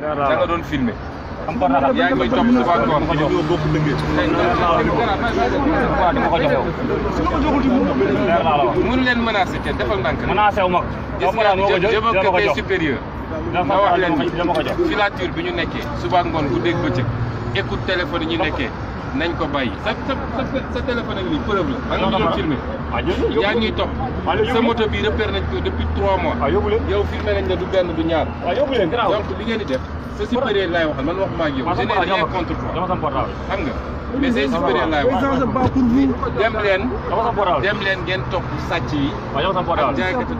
da nga doon filmé. yaa ngi koy topp suba ak ngoon. tey tey mënu leen menacé kenn defal ndànk rek. menacé wu ma ko. gis nga ma wax leen bi ñu nekkee. suba ak ngoon bu dégg bëccëg. écoute téléphone yi ñu nekkee. nañ ko sa sa sa téléphone ak lii preuve la nga ñu filmé yaa ñuy topp ah, sa moto bi repère nañ ko depuis trois mois ah, yow filmé nañ la du benn du ñaar ah, donc li ngeen di def sa supérieur laay waxal man wax ak yow je n'ai rien contre toi xam nga mais say supérieur laay dem dem ngeen yi